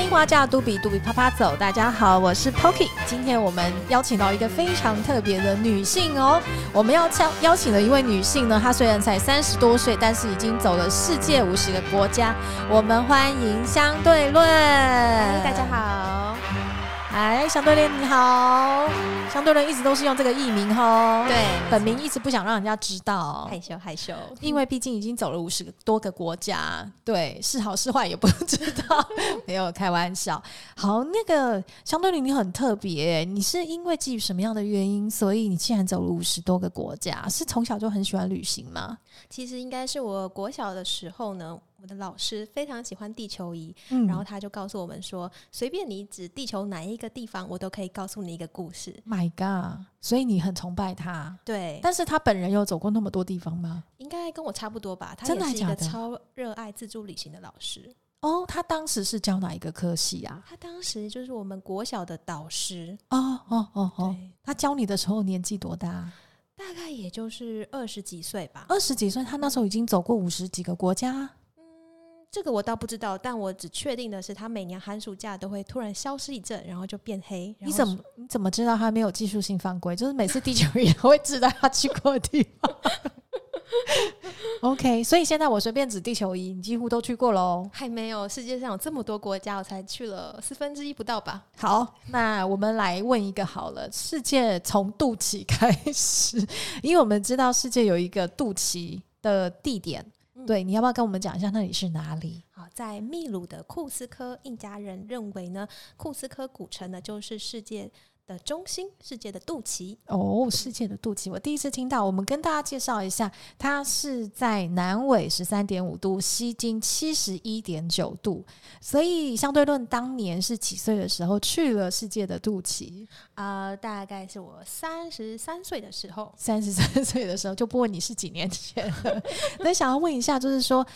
迎花架，家嘟比嘟比，趴趴走。大家好，我是 Poki。今天我們邀請到一個非常特別的女性哦。我們要邀邀請的一位女性呢，她雖然才三十多歲，但是已經走了世界五十個國家。我們歡迎香對論。大家好。哎，香對論你好！香對論一直都是用這個藝名吼？對，沒錯。本名一直不想讓人家知道，害羞、害羞。因為畢竟已經走了五十多個國家，對，是好是壞也不知道。 沒有開玩笑。好，那個香對論你很特別，你是因為基於什麼樣的原因，所以你竟然走了五十多個國家？是從小就很喜歡旅行嗎？其實應該是我國小的時候呢，我的老師非常喜歡地球儀，嗯、然後他就告訴我們說，隨便你指地球哪一個地方，我都可以告訴你一個故事。My God！所以你很崇拜他，對？但是他本人有走過那麼多地方嗎？應該跟我差不多吧。他也是一個超熱愛自助旅行的老師哦。Oh, 他當時是教哪一個科系啊？他當時就是我們國小的導師。哦哦哦哦！他教你的時候年紀多大？大概也就是二十幾歲吧。二十幾歲，他那時候已經走過五十幾個國家。這個我倒不知道，但我只確定的是，他每年寒暑假都會突然消失一陣，然後就變黑。你怎麼你、嗯、怎麼知道他沒有技術性犯規？就是每次地球儀都會知道他去過的地方。 OK，所以現在我隨便指地球儀，你幾乎都去過嘍。還沒有，世界上有這麼多國家，我才去了四分之一不到吧。好，那我們來問一個好了，世界從肚臍開始，因為我們知道世界有一個肚臍的地點。對，你要不要跟我們講一下那裡是哪裡？好，在秘魯的庫斯科，印加人認為呢，庫斯科古城呢就是世界的中心，世界的肚臍哦，世界的肚臍，我第一次聽到。我們跟大家介紹一下，它是在南緯十三點五度，西經七十一點九度。所以，香對論當年是幾歲的時候去了世界的肚臍？呃，大概是我三十三歲的時候。三十三歲的時候，就不問你是幾年前了。 那想要問一下，就是說，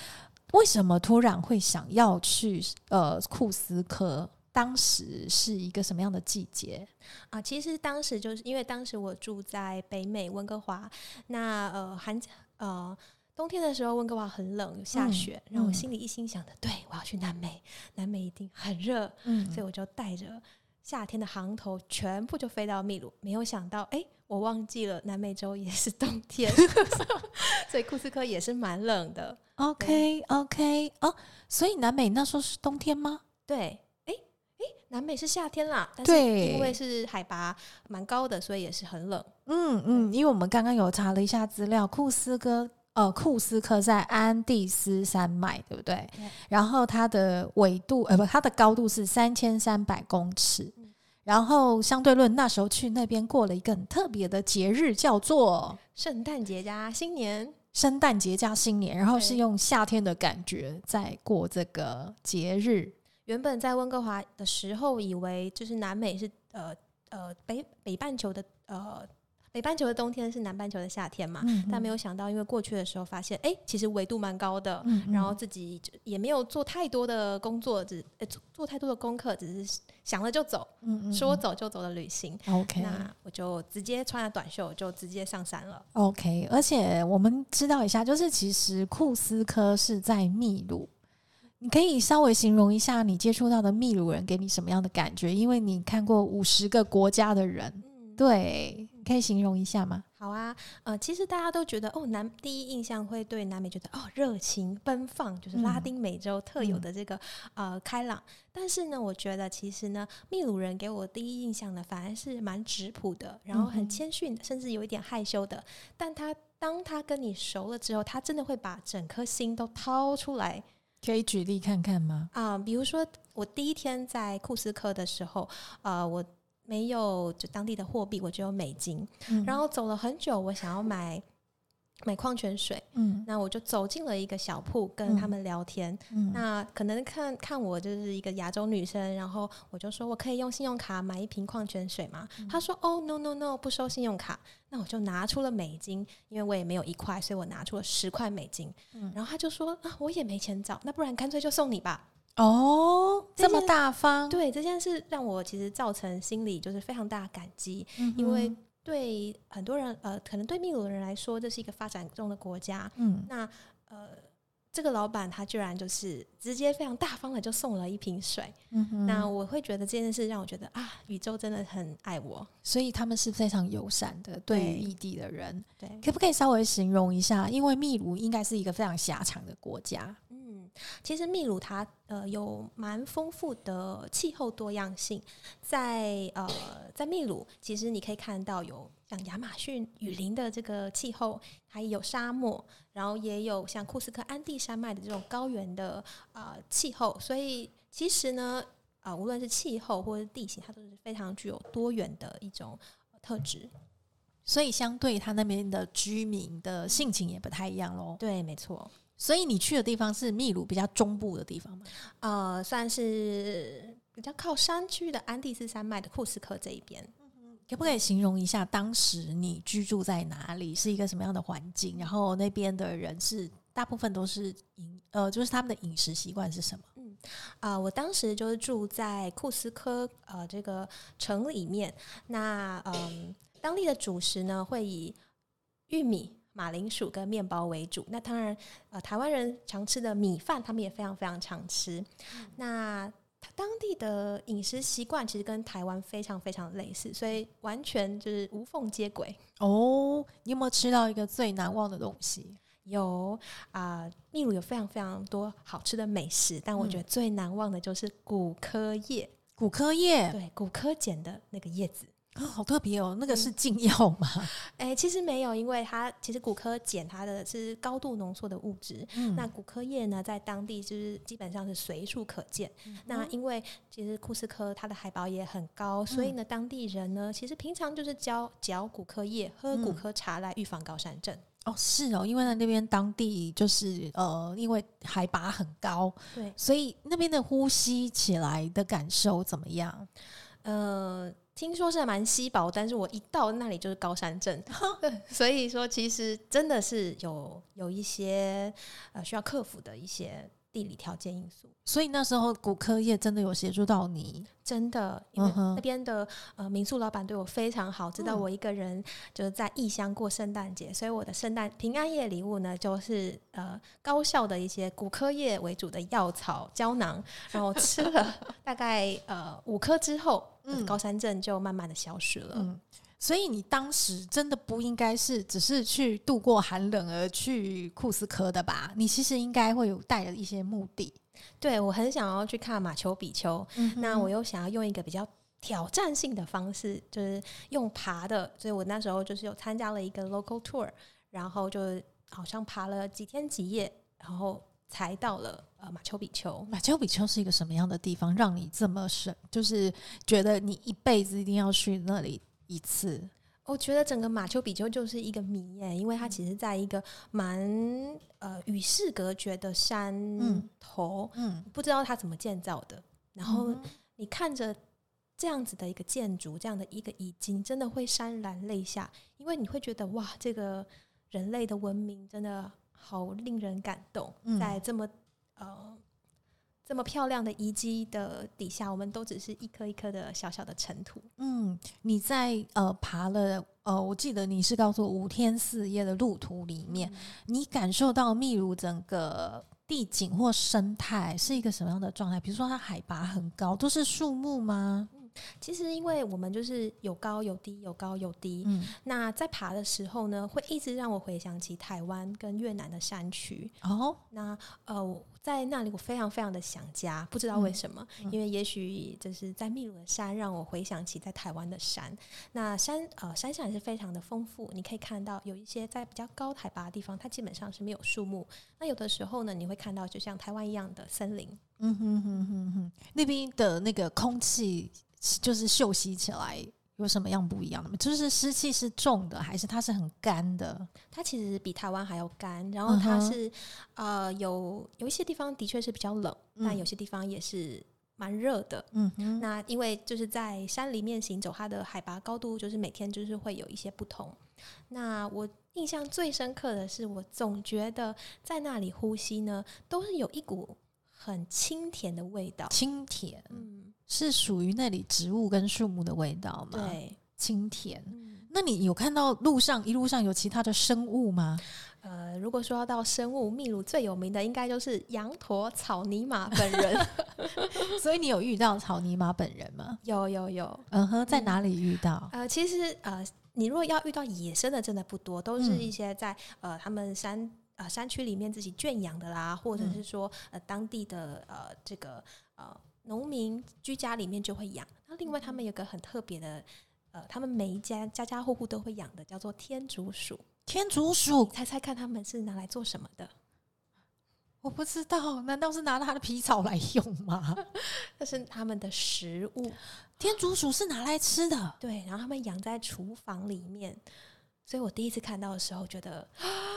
為什麼突然會想要去呃庫斯科？當時是一個什麼樣的季節啊？其實當時就是因為當時我住在北美溫哥華，那呃寒呃冬天的時候，溫哥華很冷，下雪，然後、嗯、我心裡一心想的，嗯、對我要去南美，南美一定很熱，嗯、所以我就帶着夏天的行頭，全部就飛到秘魯。沒有想到，哎、欸，我忘記了，南美洲也是冬天， 所以庫斯科也是蠻冷的。OK 以 OK，哦，所以南美那時候是冬天嗎？對。南美是夏天啦，但是因為是海拔蠻高的，對所以也是很冷。嗯嗯，對因為我們剛剛有查了一下資料，庫斯科呃庫斯科在安第斯山脈，對不對？對，然後它的緯度呃不，它的高度是三千三百公尺。嗯、然後香對論那時候去那邊過了一個很特別的節日，叫做聖誕節加新年，聖誕節加新年，然後是用夏天的感覺在過這個節日。原本在溫哥華的時候，以為就是南美是呃呃北北半球的呃北半球的冬天是南半球的夏天嘛，嗯嗯但沒有想到，因為過去的時候發現，哎、欸，其實緯度蠻高的，嗯嗯然後自己就也沒有做太多的工作，只、欸、做做太多的功課，只是想了就走，嗯嗯嗯說走就走的旅行。OK，那我就直接穿了短袖，就直接上山了。OK，而且我們知道一下，就是其實庫斯科是在祕魯。你可以稍微形容一下你接觸到的秘魯人給你什麼樣的感覺？因為你看過五十個國家的人，嗯、對，可以形容一下嗎？好啊，呃，其實大家都覺得哦，南第一印象會對南美覺得哦，熱情奔放，就是拉丁美洲特有的這個、嗯、呃開朗。但是呢，我覺得其實呢，秘魯人給我第一印象呢，反而是蠻質樸的，然後很謙遜，嗯、哼甚至有一點害羞的。但他當他跟你熟了之後，他真的會把整顆心都掏出來。可以舉例看看嗎？啊，uh, 比如說我第一天在庫斯科的時候，呃，我沒有就當地的貨幣，我只有美金，嗯、然後走了很久，我想要買。買礦泉水，嗯，那我就走進了一個小鋪，跟他們聊天。嗯，嗯，那可能看看我就是一個亞洲女生，然後我就說，我可以用信用卡買一瓶礦泉水嗎？嗯，他說，哦，no no no，不收信用卡。那我就拿出了美金，因為我也沒有一塊，所以我拿出了十塊美金。嗯，然後他就說，啊，我也沒錢找，那不然乾脆就送你吧。哦，這件，這麼大方，對這件事讓我其實造成心裡就是非常大的感激，嗯哼，因為。對很多人，呃，可能對秘魯人來說，這是一個發展中的國家。嗯，那呃，這個老板他居然就是直接非常大方的就送了一瓶水。嗯哼，那我會覺得這件事讓我覺得啊，宇宙真的很愛我。所以他們是非常友善的，對於異地的人。對，對可不可以稍微形容一下？因為秘魯應該是一個非常狹長的國家。其實秘魯它呃有蠻豐富的氣候多樣性，在呃在秘魯，其實你可以看到有像亞馬遜雨林的這個氣候，還有沙漠，然後也有像庫斯科安地山脈的這種高原的呃氣候，所以其實呢啊、呃、無論是氣候或者是地形，它都是非常具有多元的一種特質，所以相對它那邊的居民的性情也不太一樣嘍。對，沒錯。所以你去的地方是秘魯比較中部的地方嗎？呃，算是比較靠山區的安第斯山脈的庫斯科這一邊。嗯。嗯，可不可以形容一下當時你居住在哪裡，是一個什麼樣的環境？然後那邊的人是大部分都是飲呃，就是他們的飲食習慣是什麼？嗯啊，呃，我當時就是住在庫斯科呃這個城裡面。那，呃，當地的主食呢會以玉米。馬鈴薯跟麵包為主，那當然，呃，台灣人常吃的米飯，他們也非常非常常吃。那他當地的飲食習慣其實跟台灣非常非常類似，所以完全就是無縫接軌。哦，你有沒有吃到一個最難忘的東西？有啊、呃，秘魯有非常非常多好吃的美食，但我覺得最難忘的就是古柯葉。嗯，古柯葉，對，古柯鹼的那個葉子。啊、哦，好特別哦！那個是禁藥嗎？哎、嗯欸，其實沒有，因為它其實古柯鹼它的是高度濃縮的物質。嗯，那古柯葉呢，在當地就是基本上是隨處可見。嗯、那因為其實庫斯科它的海拔也很高，嗯、所以呢，當地人呢其實平常就是嚼嚼古柯葉、喝古柯茶來預防高山症、嗯。哦，是哦，因為在那邊當地就是呃，因為海拔很高，對，所以那邊的呼吸起來的感受怎麼樣？呃。聽說是蠻稀薄，但是我一到那裡就是高山症。 所以說其實真的是有有一些呃需要克服的一些地理條件因素。所以那時候古柯葉真的有協助到你，真的，因為那邊的、嗯、哼呃民宿老闆對我非常好，知道我一個人就是在異鄉過聖誕節，嗯、所以我的聖誕平安夜禮物呢就是呃高效的一些古柯葉為主的藥草膠囊，然後吃了大概 呃五顆之後，嗯，高山症就慢慢的消失了、嗯。所以你當時真的不應該是只是去度過寒冷而去庫斯科的吧？你其實應該會有帶了一些目的對。對我很想要去看馬丘比丘，嗯、哼那我又想要用一個比較挑戰性的方式，就是用爬的。所以我那時候就是有參加了一個 local tour，然後就好像爬了幾天幾夜，然後。才到了呃，馬丘比丘。馬丘比丘是一個什麼樣的地方，讓你這麼神，就是覺得你一輩子一定要去那裡一次？我、哦、覺得整個馬丘比丘就是一個謎耶，因為它其實在一個蠻呃與世隔絕的山頭，嗯，嗯，不知道它怎麼建造的。然後你看着這樣子的一個建築，這樣的一個遺跡，真的會潸然淚下，因為你會覺得哇，這個人類的文明真的。好令人感動，在這麼呃這麼漂亮的遺跡的底下，我們都只是一顆一顆的小小的塵土。嗯，你在呃爬了呃，我記得你是告訴我五天四夜的路途裡面，嗯。你感受到秘魯整個地景或生態是一個什麼樣的狀態？比如說，它海拔很高，都是樹木嗎？其實，因為我們就是有高有低，有高有低。嗯，那在爬的時候呢，會一直讓我回想起台灣跟越南的山區。哦，那呃，在那裡我非常非常的想家，不知道為什麼，嗯嗯、因為也許就是在秘魯的山讓我回想起在台灣的山。那山呃，山上也是非常的豐富，你可以看到有一些在比較高海拔的地方，它基本上是沒有樹木。那有的時候呢，你會看到就像台灣一樣的森林。嗯哼哼哼哼，那邊的那個空氣。就是嗅吸起來有什麼樣不一樣的？就是濕氣是重的，還是它是很乾的？它其實比台灣還要乾。然後它是，嗯、哼呃，有有一些地方的確是比較冷，那、嗯、有些地方也是蠻熱的。嗯哼，那因為就是在山裡面行走，它的海拔高度就是每天就是會有一些不同。那我印象最深刻的是，我總覺得在那裡呼吸呢，都是有一股。很清甜的味道，清甜田，嗯，是屬於那裡植物跟樹木的味道嗎？對，清甜田。嗯、那你有看到路上一路上有其他的生物嗎？呃，如果說要到生物，秘魯最有名的應該就是羊駝、草泥馬本人。 所以你有遇到草泥馬本人嗎？有有有，嗯哼、uh，huh, 在哪裡遇到？嗯、呃，其實呃，你如果要遇到野生的，真的不多，都是一些在、嗯、呃他們山。啊、呃，山區裡面自己圈養的啦，或者是說、嗯、呃，當地的呃，這個呃，農民居家裡面就會養。那另外他們有個很特別的，呃，他們每一家家家戶戶都會養的，叫做天竺鼠。天竺鼠，猜猜看，他們是拿來做什麼的？我不知道，難道是拿它的皮草來用嗎？ 這是他們的食物。天竺鼠是拿來吃的，對。然後他們養在廚房裡面，所以我第一次看到的時候覺得。啊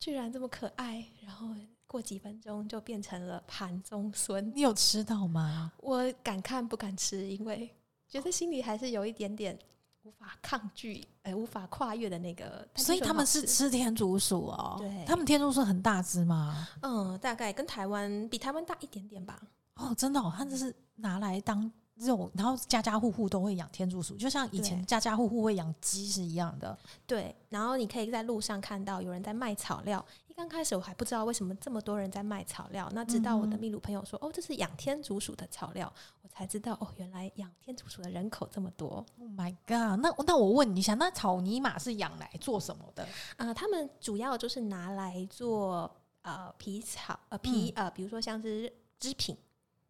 居然這麼可愛，然後過幾分鐘就變成了盤中餐。你有吃到嗎？我敢看不敢吃，因為覺得心裡還是有一點點無法抗拒，哎、欸，無法跨越的那個。所以他們是吃天竺鼠哦？對，他們天竺鼠很大只嗎？嗯，大概跟台灣比台灣大一點點吧。哦，真的哦，他這是拿來當。肉，然後家家戶戶都會養天竺鼠，就像以前家家戶戶會養雞是一樣的。對，然後你可以在路上看到有人在賣草料。一剛開始我還不知道為什麼這麼多人在賣草料，那直到我的秘魯朋友說：“嗯、哼哦，這是養天竺鼠的草料。”我才知道，哦，原來養天竺鼠的人口這麼多。Oh my god！那那我問你一下，你想那草泥馬是養來做什麼的？啊、呃，他們主要就是拿來做呃皮草，呃皮、嗯、呃，比如說像是織品。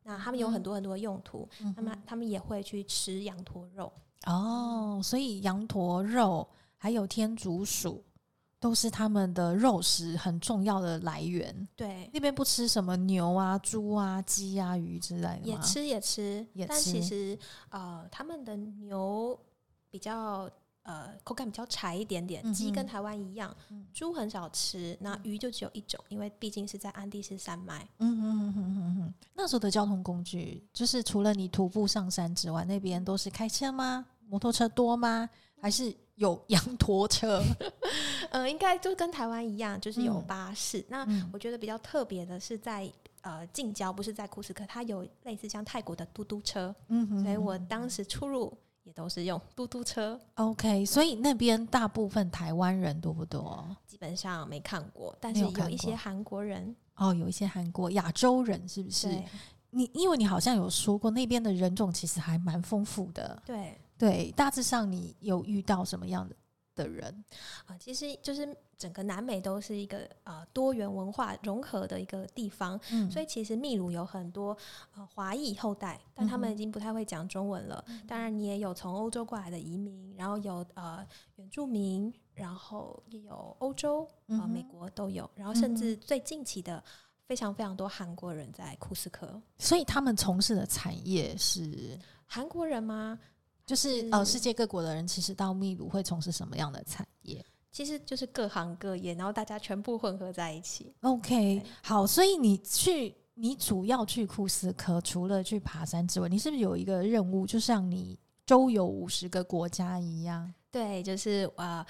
那他們有很多很多用途，嗯、哼他們他們也會去吃羊駝肉哦，所以羊駝肉還有天竺鼠都是他們的肉食很重要的來源。對，那邊不吃什麼牛啊、豬啊、雞啊、魚之類的嗎？也吃也吃，也吃但其實呃，他們的牛比較呃口感比較柴一點點，雞、嗯、哼跟台灣一樣，豬、嗯、哼很少吃，那魚就只有一種，嗯、哼因為畢竟是在安第斯山脈。嗯嗯嗯嗯嗯。那時候的交通工具，就是除了你徒步上山之外，那邊都是開車嗎？摩托車多嗎？還是有羊駝車？嗯、 呃，應該就跟台灣一樣，就是有巴士。嗯、那我覺得比較特別的是在，在呃近郊，不是在庫斯科，它有類似像泰國的嘟嘟車。嗯，哼嗯，所以我當時出入也都是用嘟嘟車。OK，所以那邊大部分台灣人多不多、嗯？基本上沒看過，但是有一些韓國人。哦，有一些韓國、亞洲人，是不是？對你因為你好像有說過那邊的人種其實還蠻豐富的，對對。大致上，你有遇到什麼樣的？的人啊，其實就是整個南美都是一個呃多元文化融合的一個地方，嗯、所以其實秘魯有很多呃華裔後代，但他們已經不太會講中文了。嗯、哼當然，你也有從歐洲過來的移民，然後有呃原住民，然後也有歐洲啊、呃嗯、哼美國都有，然後甚至最近期的非常非常多韓國人在庫斯科，所以他們從事的產業是韓國人嗎？就是呃，世界各國的人其實到秘魯會從事什麼樣的產業？其實就是各行各業，然後大家全部混合在一起。OK，對好，所以你去，你主要去庫斯科，除了去爬山之外，你是不是有一個任務，就像你周遊五十個國家一樣？對，就是啊。呃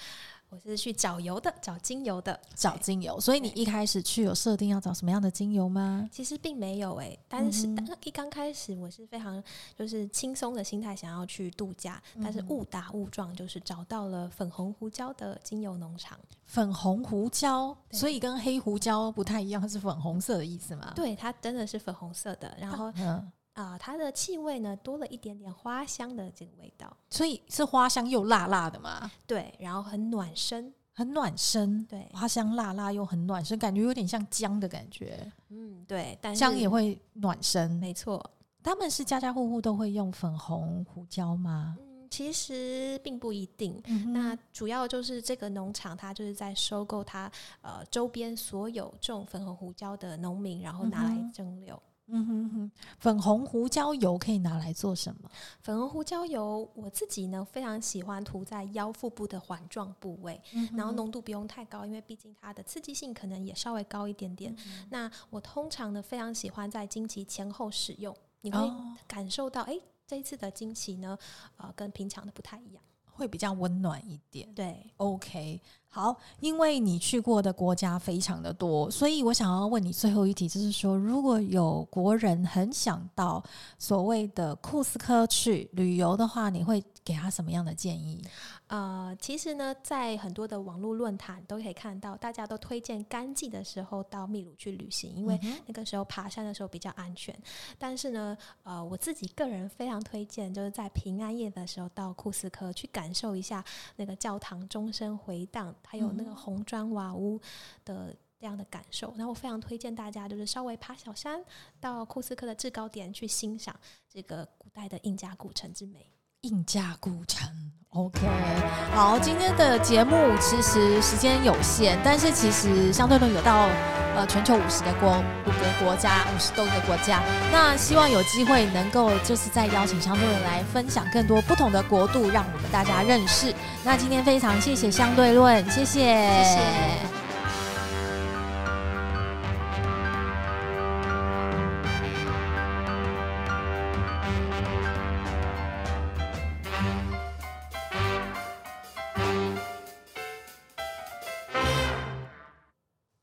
我是去找油的，找精油的，找精油。對所以你一開始去有設定要找什麼樣的精油嗎？其實並沒有誒、欸，但是、嗯、哼當一剛開始我是非常就是輕鬆的心態想要去度假，嗯、但是誤打誤撞就是找到了粉紅胡椒的精油農場。粉紅胡椒，對所以跟黑胡椒不太一樣，它是粉紅色的意思嗎？對，它真的是粉紅色的。然後、啊、嗯。啊、呃，它的氣味呢，多了一點點花香的這個味道，所以是花香又辣辣的嗎？對，然後很暖身，很暖身，對，花香辣辣又很暖身，感覺有點像薑的感覺，嗯，對，但是薑也會暖身，沒錯。他們是家家戶戶都會用粉紅胡椒嗎？嗯，其實並不一定。嗯、哼那主要就是這個農場，它就是在收購它呃周邊所有種粉紅胡椒的農民，然後拿來蒸餾。嗯嗯哼哼，粉紅胡椒油可以拿來做什麼？粉紅胡椒油，我自己呢非常喜歡塗在腰腹部的環狀部位，嗯、哼哼然後濃度不用太高，因為畢竟它的刺激性可能也稍微高一點點。嗯、哼那我通常呢非常喜歡在經期前後使用，你可以感受到哎、哦，這一次的經期呢，呃，跟平常的不太一樣，會比較溫暖一點。對，OK。好，因為你去過的國家非常的多，所以我想要問你最後一題，就是說，如果有國人很想到所謂的庫斯科去旅遊的話，你會？給他什麼樣的建議？呃，其實呢，在很多的網絡論壇都可以看到，大家都推薦乾季的時候到秘魯去旅行，因為那個時候爬山的時候比較安全。但是呢，呃，我自己個人非常推薦，就是在平安夜的時候到庫斯科去感受一下那個教堂鐘聲回盪，還有那個紅磚瓦屋的這樣的感受。那、嗯、我非常推薦大家就是稍微爬小山，到庫斯科的制高點去欣賞這個古代的印加古城之美。印加古城，OK。好，今天的節目其實時間有限，但是其實香對論有到呃全球五十個國，五個國家，五十多個國家。那希望有機會能夠，就是再邀請香對論來分享更多不同的國度，讓我們大家認識。那今天非常謝謝香對論，謝謝。謝謝